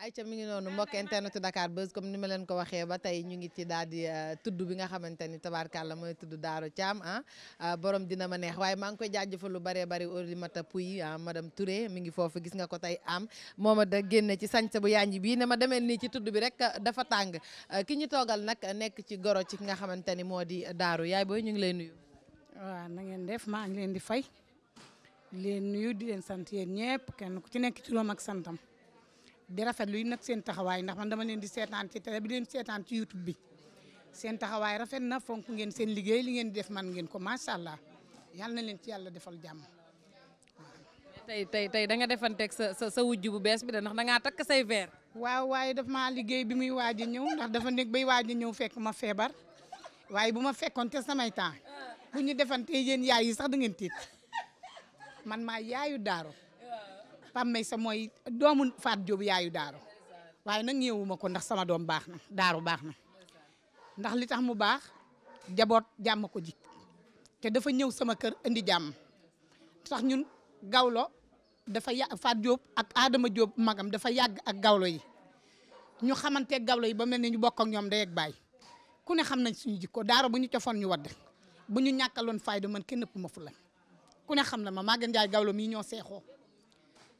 ay ayca mi ngi noonu mbokk internetu Dakar Buzz comme ni ma leen ko waxee ba tey ñu ngi ci daal di euh, tudd bi nga xamante ni la mooy tudd Daaru caam ah euh, borom dina ma neex waaye maa ngi koy jaajëfal lu bëree bëri Oulimata Pouy ah madame Touré mi ngi foofu gis nga ko tey am mooma da génne ci sañsa bu yànji bii ne ma demee nii ci tudd bi rek euh, dafa tàng ki ñu toogal nag nekk ci goro ci ki nga xamante ni moo di Daaru yaay booy ñu ngi lay nuyu. na ngeen def maa ngi di fay di leen di leen sant yéen ñëpp kenn ku ci nekk ci loom ak santam. di rafet yi nag seen taxawaay ndax man dama leen di seetaan ci télé bi leen seetaan ci YouTube bi seen taxawaay rafet na fonk ngeen seen liggéey li ngeen di def man ngeen ko macha allah yal na leen ci yàlla defal jàmm. tey tey tey da nga defanteeg sa sa sa wujj bu bees bi de ndax da ngaa takk say verre. waaw waaye daf maa liggéey bi muy waaj a ñëw ndax dafa nekk bay waaj a ñëw fekk ma feebar waaye bu ma fekkoon te samay temps bu ñu defante yéen yaay yi sax da ngeen man maa yaayu daaro Pam sa mooy doomu Faat Jóob yaayu Daaru waaye nag ñëwuma ko ndax sama doom baax na Daaru baax na ndax li tax mu baax jaboot jàmm ko ji te dafa ñëw sama kër indi jàmm tax ñun gawlo dafa yà Jóob ak Adama Jóob magam dafa yàgg ak gawlo yi ñu xamanteeg gawlo yi ba mel na ñu bokk ak ñoom da ak baay ku ne xam nañ suñu jikko daaro bu ñu cofoon ñu wadd bu ñu ñàkkaloon fayda man kenn ëpp ma fu la ku ne xam na ma maa gën jaay gawlo mii ñoo seexoo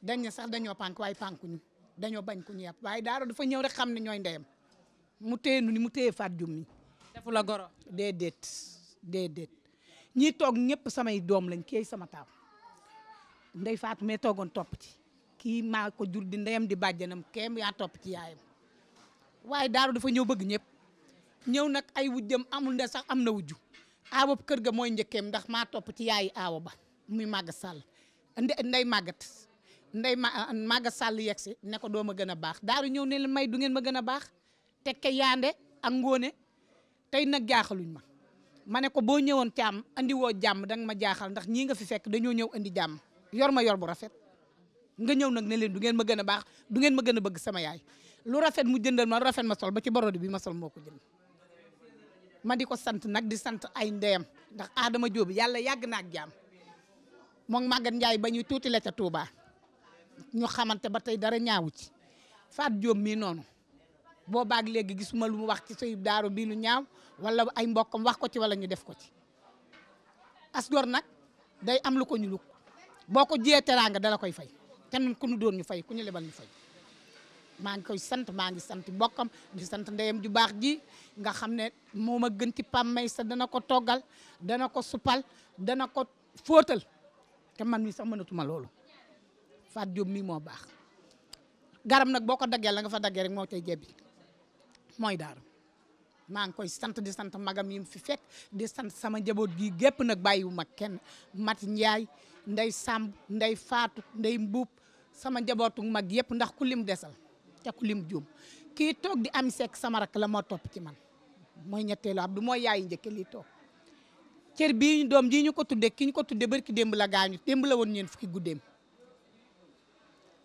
dañ ne sax dañoo pànk waaye pànkuñu dañoo bañ ku ñu yàpp waaye daaro dafa ñëw rek xam ne ñooy ndeyam mu téye nu ni mu téye faat jum mi. defu la goro déedéet déedéet ñii toog ñëpp samay doom lañ kii sama taaw ndey faatu mais toogoon topp ci kii maa ko jur di ndeyam di bàjjanam keem yaa topp ci yaayam waaye daaro dafa ñëw bëgg ñëpp ñëw nag ay wujjam amul nde sax am na wujju aawa kër ga mooy njëkkeem ndax maa topp ci yaayi aawa ba muy màgg sàll nday màggat ndey ma ah, Maga Sall yegg si ne ko doo ma gën a baax daaru ñëw ne leen may du ngeen ma gën a baax tekke yaande ak ngóone tey nag jaaxaluñ ma ma ne ko boo ñëwoon caam andi woo jàmm danga ma jaaxal ndax ñii nga fi fekk dañoo ñëw andi jàmm yor ma yor bu rafet nga ñëw nag ne leen du ngeen ma gën a baax du ngeen ma gën a bëgg sama yaay lu rafet mu jëndal ma rafet ma sol ba ci borodi bii ma sol moo ko jënd ma di ko sant nag di sant ay ndeyam ndax Adama Diop yàlla yàgg na ak jàmm moom Maguette ba ñuy tuuti la ca Touba. ñu xamante ba tey dara ñaawu ci Faat Jóob mii noonu boo baag léegi gisuma lu mu wax ci sëy daaru bii lu ñaaw wala ay mbokkam wax ko ci walla ñu def ko ci as nag day am lu ko ñu lug boo ko jiyee teraanga dala koy fay te nun ku nu doon ñu fay ku ñu lebal ñu fay maa ngi koy sant maa ngi sant bokkam di sant ndeyam ju baax ji nga xam ne moom a gën ci pam may sa dana ko toggal dana ko suppal dana ko fóotal te man mi sax mënatuma loolu Faat Diop mii moo baax garab nag boo ko daggee la nga fa daggee rek moo tey jebbi mooy daaru maa ngi koy sant di sant magam yi mu fi fekk di sant sama njaboot gi gépp nag wu mag kenn mat njaay nday sàmb nday faatu nday mbuub sama njabootu mag yëpp ndax ku lim desal te ku lim kii toog di am sekk sama rak la moo topp ci man mooy ñetteelu Abdou mooy yaayu njëkke lii toog cër bii doom jii ñu ko tudde ki ñu ko tudde barki démb la gaañu démb la woon ñeen fukki guddeem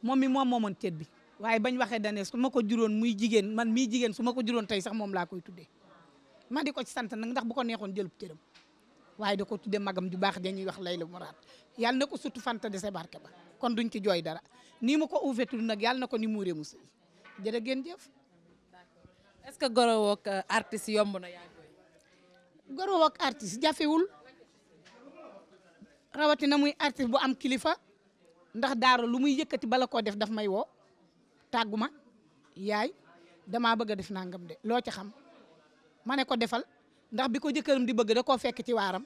moom mi moom moomoon teet bi waaye bañ waxee dane su ma ko juróon muy jigéen man mii jigéen su ma ko juróon tey sax moom laa koy tuddee ma di ko ci sant nag ndax bu ko neexoon jëlub cëram waaye da ko tuddee magam ju baax dañuy wax Layla Mourad yàlla na ko surtout fanta de sa barke ba kon duñ ci jooy dara nii mu ko uufee tudd nag yàlla na ko ni muuree mu sëy jërë ngeen jëf. est-ce que gorowoo ak euh, artiste yomb na yaa gorowoo ak artiste jafewul rawatina muy artiste bu am kilifa. ndax daaro lu muy yëkkati bala koo def daf may woo tàggu ma yaay damaa bëgg a def nangam de loo ci xam ma ne ko defal ndax bi ko jëkkëram di bëgg da koo fekk ci waaram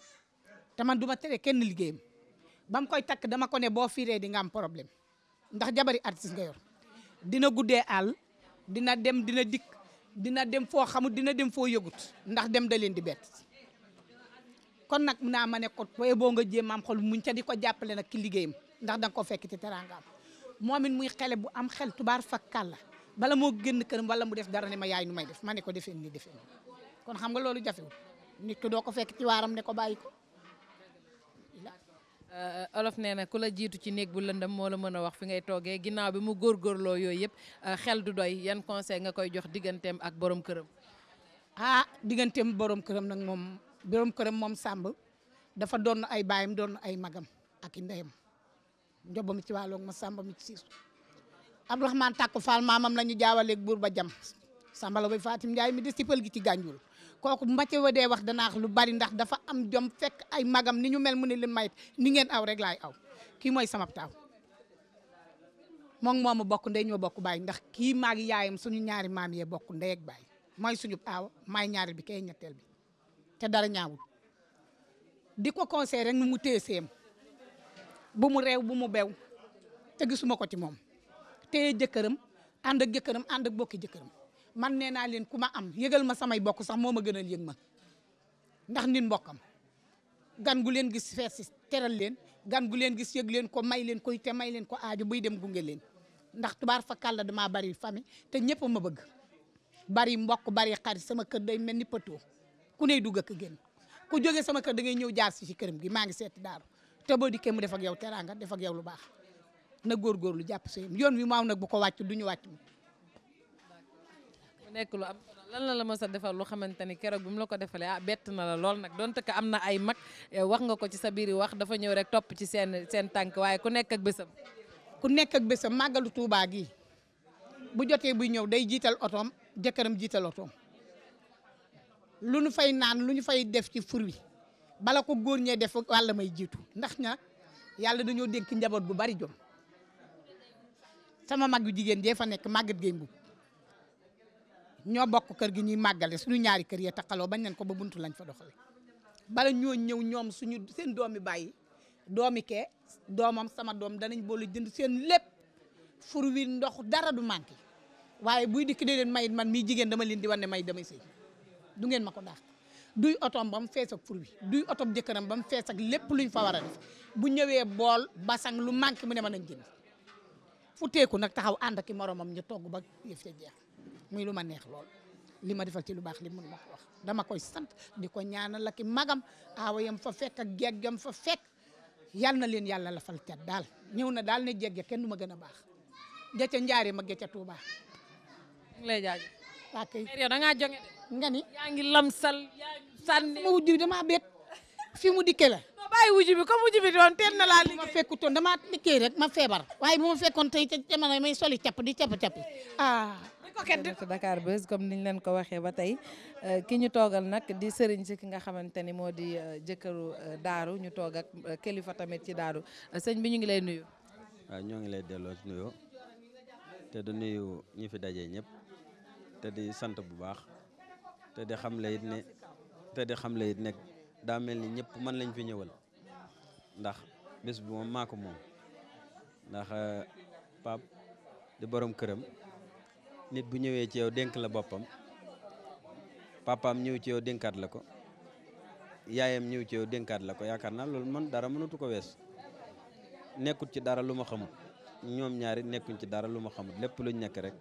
te man du ma tere kenn liggéeyam bam koy takk dama ko ne boo fiiree di nga am problème ndax jabari artiste nga yor dina guddee àll dina dem dina dikk dina dem foo xamut dina dem foo yëgut ndax dem da leen di bett kon nag naa ma ne ko boo nga jéem am xol muñ ca di ko jàppale nag ki liggéeyam ndax danga ko fekk ci teraangaam moom it muy xele bu am xel tubaar fakkal la bala moo génn këram wala mu def dara ne ma yaay nu may def ma ne ko defee nii defee nii kon xam nga loolu jafewul nit ki doo ko fekk ci waaram ne ko bàyyi ko. Euh, olof nee na ku la jiitu ci néeg bu lëndam moo la mën a wax fi ngay toogee ginnaaw bi mu góorgóorloo yooyu yëpp euh, xel du doy yan conseil nga koy jox digganteem ak borom këram. ah digganteem borom këram nag moom borom këram moom sàmb dafa doon ay baayam doon ay magam ak i njoba mi ci waaloog ma samba mi ci siisu abdourahmane tàkku fall maamam la ñu jaawaleeg buur ba jam sambala bay fatim njaay mi des ci pël gi ci gànjul kooku mbacce wa dee wax danaax lu bari ndax dafa am jom fekk ay magam ni ñu mel mu ne li may ni ngeen aw rek laay aw kii mooy samab taaw moom mu bokk ndey ñoo bokk baay ndax kii maag yaayam suñu ñaari maam yee bokk ndey baay mooy suñu aw maay ñaari bi kay ñetteel bi te dara ñaawul di ko conseil nu mu téeseem bu mu reew bu mu bew te gisuma ko ci moom te jëkkëram ànd ak jëkkëram ànd ak bokki jëkkëram man nee naa leen ku ma am yëgal ma samay bokk sax moom ma gënal yëg ma ndax nit mbokkam gan gu leen gis fees si teral leen gan gu leen gis yëg leen ko may leen ko te may leen ko aaju buy dem gunge leen ndax tubaar fa kàlla damaa bari famille te ñëpp ma bëgg bari mbokk bari xarit sama kër day mel ni pëtoo ku ne dugg ak génn ku jógee sama kër da ngay ñëw jaar s ci këram gi maa ngi seeti daaru te boo dikkee mu def ak yow teraanga def ak yow lu baax na lu jàpp si yoon wi maaw nag bu ko wàcc du ñu wàcc. mu nekk lu am lan la la mos a defal lu xamante ni keroog bi la ko defalee ah bett na la lool nag donte que am na ay mag eh, wax nga ko ci sa biir wax dafa ñëw rek topp ci seen seen tànk waaye ku nekk ak bésam. ku nekk ak bésam màggalu Tuubaa gi bu jotee buy ñëw day jiital otoom jëkkëram jiital otoom lu ñu fay naan lu ñu fay def ci fur wi bala ko góor ñee def wàlla may jiitu ndax ña yàlla dañoo dénk njaboot bu bari jom sama mag yu jigéen jee fa nekk màggat gay mbub ñoo bokk kër gi ñuy màggale suñu ñaari kër yee taxaloo bañ nañ ko ba buntu lañ fa doxale bala ñoo ñëw ñoom suñu seen doomi bàyyi doomi kee doomam sama doom danañ boolu jënd seen lépp fur wi ndox dara du manqué waaye buy dikk dee leen mayit man mii jigéen dama leen di wan may damay sëy du ngeen ma ko daax duy otoom ba mu fees ak fur wi duy otoom jëkkëram ba mu fees ak lépp luñ fa war a def bu ñëwee bool basang lu manqué mu ne mën nañ jënd fu teeku nag taxaw ànd ak i moromam ñu togg ba yëf ca jeex muy lu ma neex lool li ma defal ci lu baax li mun ma ko wax dama koy sant di ko ñaanal ak i magam aawa yam fa fekk ak jeeg yam fa yal na leen yàlla la fal cat daal ñëw na daal ne jeeg kenn du ma gën a baax ja ca njaare nga ni. ngi lamsal yaa ngi sànni. ma wujj bi damaa bett fi mu dikke la. ma bàyyi wujj bi comme wujj bi doon teel na laa ma fekkutoon dama dikkee rek ma feebar. waaye bu ma fekkoon tey ca jamono may soli capp di capp capp ah. Dakar bés comme niñ leen ko waxee ba tey euh, ki ñu toogal nag di sëriñ si ki nga xamante ni moo di euh, jëkkëru euh, daaru ñu toog ak kilifa tamit ci daaru sëñ bi ñu ngi lay nuyu. ñoo ngi lay delloo ci te du nuyu fi daje ñëpp te di sant bu baax. te di xam le it ne te di xam it nekk daa mel ni ñëpp man lañ fi ñëwal ndax bés bi moom maa moom ndax eh, pap di borom këram nit bu ñëwee ci yow dénk la boppam papaam ñëw ci yow dénkaat la ko yaayam ñëw ci yow dénkaat la ko yaakaar naa loolu man dara mënatu ko wees nekkut ci dara lu ma xamut ñoom ñaari nekkuñ ci dara lu ma xamut lépp luñ nekk rek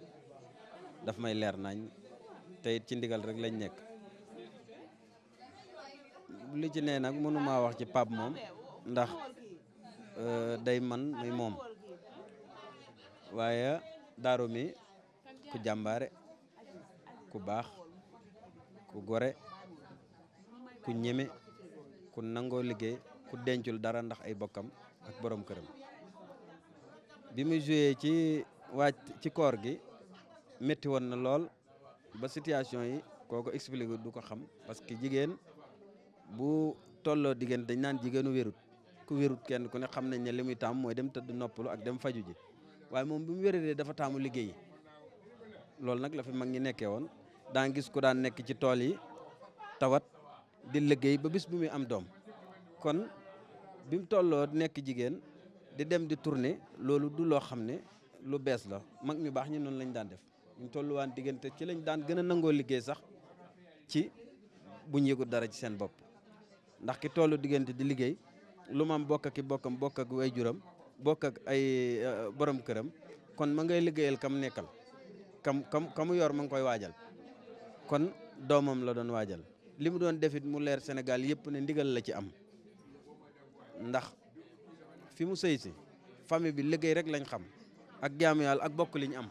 daf may leer nañ te ci ndigal rek lañ nekk li ci ne nag mënumaa wax ci Pape moom ndax euh, day man moom waaye daaru mi ku jàmbaare ku baax ku gore ku ñeme ku nangoo liggéey ku dencul dara ndax ay bokkam ak borom këram bi muy joué ci waaj ci koor gi métti woon na lool ba situation yi kooku explique du ko xam parce que jigéen bu tolloo diggéen dañ naan jigéenu wérut ku wérut kenn ku ne xam nañ ne li muy mooy dem tëdd noppalu ak dem faju ji waaye moom bi mu wéradee dafa taamu liggéey loolu nag la fi mag ñi nekkee woon daa gis ko daan nekk ci tool yi tawat di liggéey ba bis bu muy am doom kon bi mu tolloo nekk jigéen di dem di tourner loolu du loo xam ne lu bees la mag ñu baax ñu noonu lañ daan def ñu tolluwaan diggante ci lañ daan gën a nangoo liggéey sax ci bu ñu dara ci seen bopp ndax ki tollu diggante di liggéey lu mam bokk ak i bokkam bokk ak way juram bokk ak ay eh, borom këram kon ma ngay liggéeyal kam nekkal kam kam kamu yor ma ngi koy waajal kon doomam la doon waajal li mu doon defit mu leer senegal yëpp ne ndigal la ci am ndax fi mu sëy si famille bi liggéey rek lañ xam ak jaamu yàlla ak bokk liñ am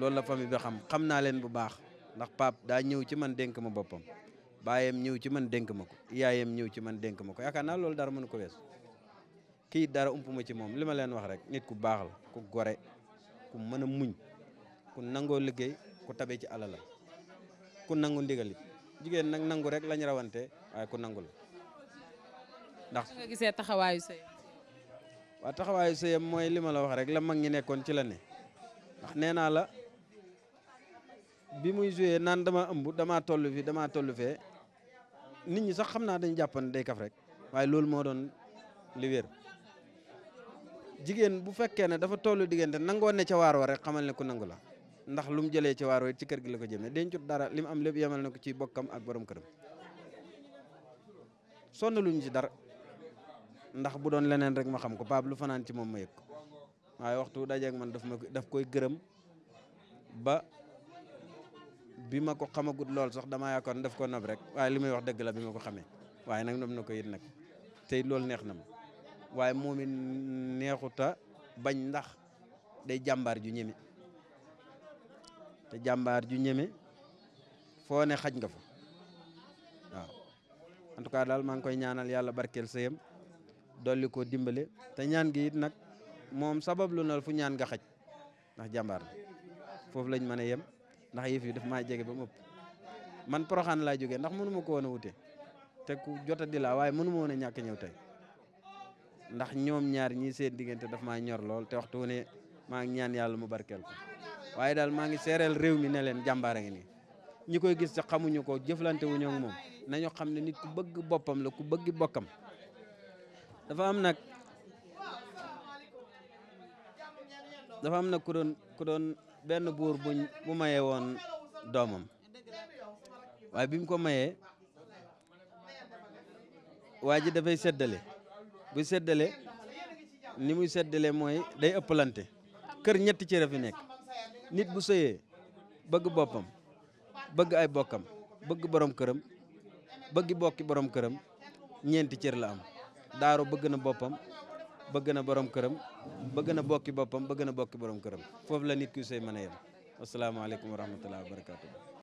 loolu la famille xam xam naa leen bu baax ndax pap daa ñëw ci man dénk ma boppam baa baayam ñëw ci man dénk ma ko yaayam ñëw ci man dénk ma ko yaakaar naa loolu dara mënu ko wees kii dara ump ci moom li ma leen wax rek nit ku baax la ku gore ku mën a muñ ku nangoo liggéey ku tabe ci alal la ku nangu ndigalit jigéen nag nangu rek lañ rawante waaye ku nangu la ndax nga gisee taxawaayu sëy waaw taxawaayu mooy li ma la wax la mag ñi nekkoon ci la ndax nee naa la bi muy joué naan dama ëmb damaa toll fi damaa toll fee nit sax xam naa dañu jàppan day kaf rek waaye loolu moo doon li jigéen bu fekkee ne dafa toll diggante nangoon ne ca waar wa rek xamal ne ku nangu la ndax lu mu jëlee ca waar ci kër gi la ko jëmee dencut dara li am lépp yemal na ko ci bokkam ak borom këram sonn luñ ci dara ndax bu doon leneen rek ma xam ko baab lu fanaan ci moom ma yëg waaye waxtu dajeeg man ma daf koy gërëm ba bi ma ko xamagut lool sax damaa yaakaar def ko nob rek waaye li muy wax dëgg la bi ma ko xamee waaye nag nob na ko it nag tey loolu neex na waaye moom it neexuta bañ ndax day jàmbaar ju ñeme te jàmbaar ju ñeme foo ne xaj nga fo waaw en tout cas daal maa ngi koy ñaanal yàlla barkeel sëyam dolli ko dimbale te ñaan gi it nag moom sabab lu na fu ñaan nga xaj ndax jàmbaar la foofu lañ mën a yem ndax yëf yi daf maa jege ba mop man poroxaan laa jógee ndax mënu ma ko woon wute te ku jot a di laa waaye mënu ma woon a ñàkk ñëw tey ndax ñoom ñaar ñii seen diggante daf maa ñor lool te waxtu ne maa ngi ñaan yàlla mu barkeel waaye daal maa ngi seereel réew mi ne leen jàmbaara ngi nii ñi koy gis sax xamuñu ko jëflante wuñu ak moom nañu xam ne nit ku bëgg boppam la ku bëgg bokkam benn buur buñ bu maye woon doomam waaye bi mu ko mayee waa ji dafay seddale buy séddale ni muy seddale mooy day ëppalante kër ñetti cër fi nekk nit bu sëyee bëgg boppam bëgg ay bokkam bëgg borom këram bëgg bokki borom këram ñeenti cër la am daaro bëgg na boppam bëgg na borom këram bëgg na bokki boppam bëgg na bokki borom këram foofu la nit ku sëy mën a yem asalaamaaleykum wa rahmatulah wa barakaatu.